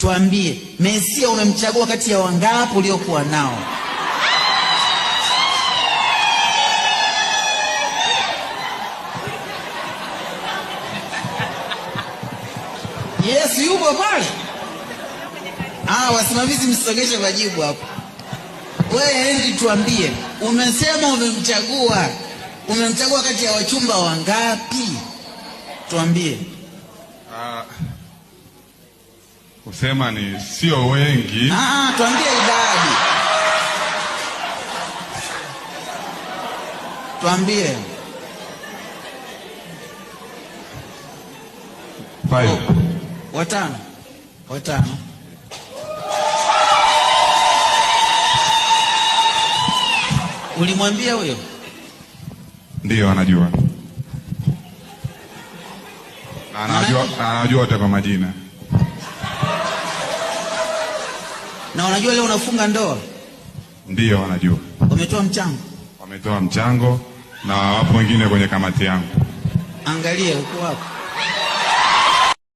tuambie, Mesia unamchagua kati ya wangapi uliokuwa nao? Yesu yupo pale. Ah, wasimamizi msisogeshe majibu hapo. Wewe Henry, tuambie, umesema umemchagua, umemchagua kati ya wachumba wangapi? Tuambie. Uh, Kusema ni sio wengi. Ah, ah, tuambie idadi. Tuambie. Five. Oh, watano. Watano. Ulimwambia huyo? Ndio, anajua. Na anajua, anajua wote kwa majina. Na wanajua leo unafunga ndoa? Ndio, wanajua. Wametoa mchango? Wametoa mchango na wapo wengine kwenye kamati yangu. Angalia uko wapo.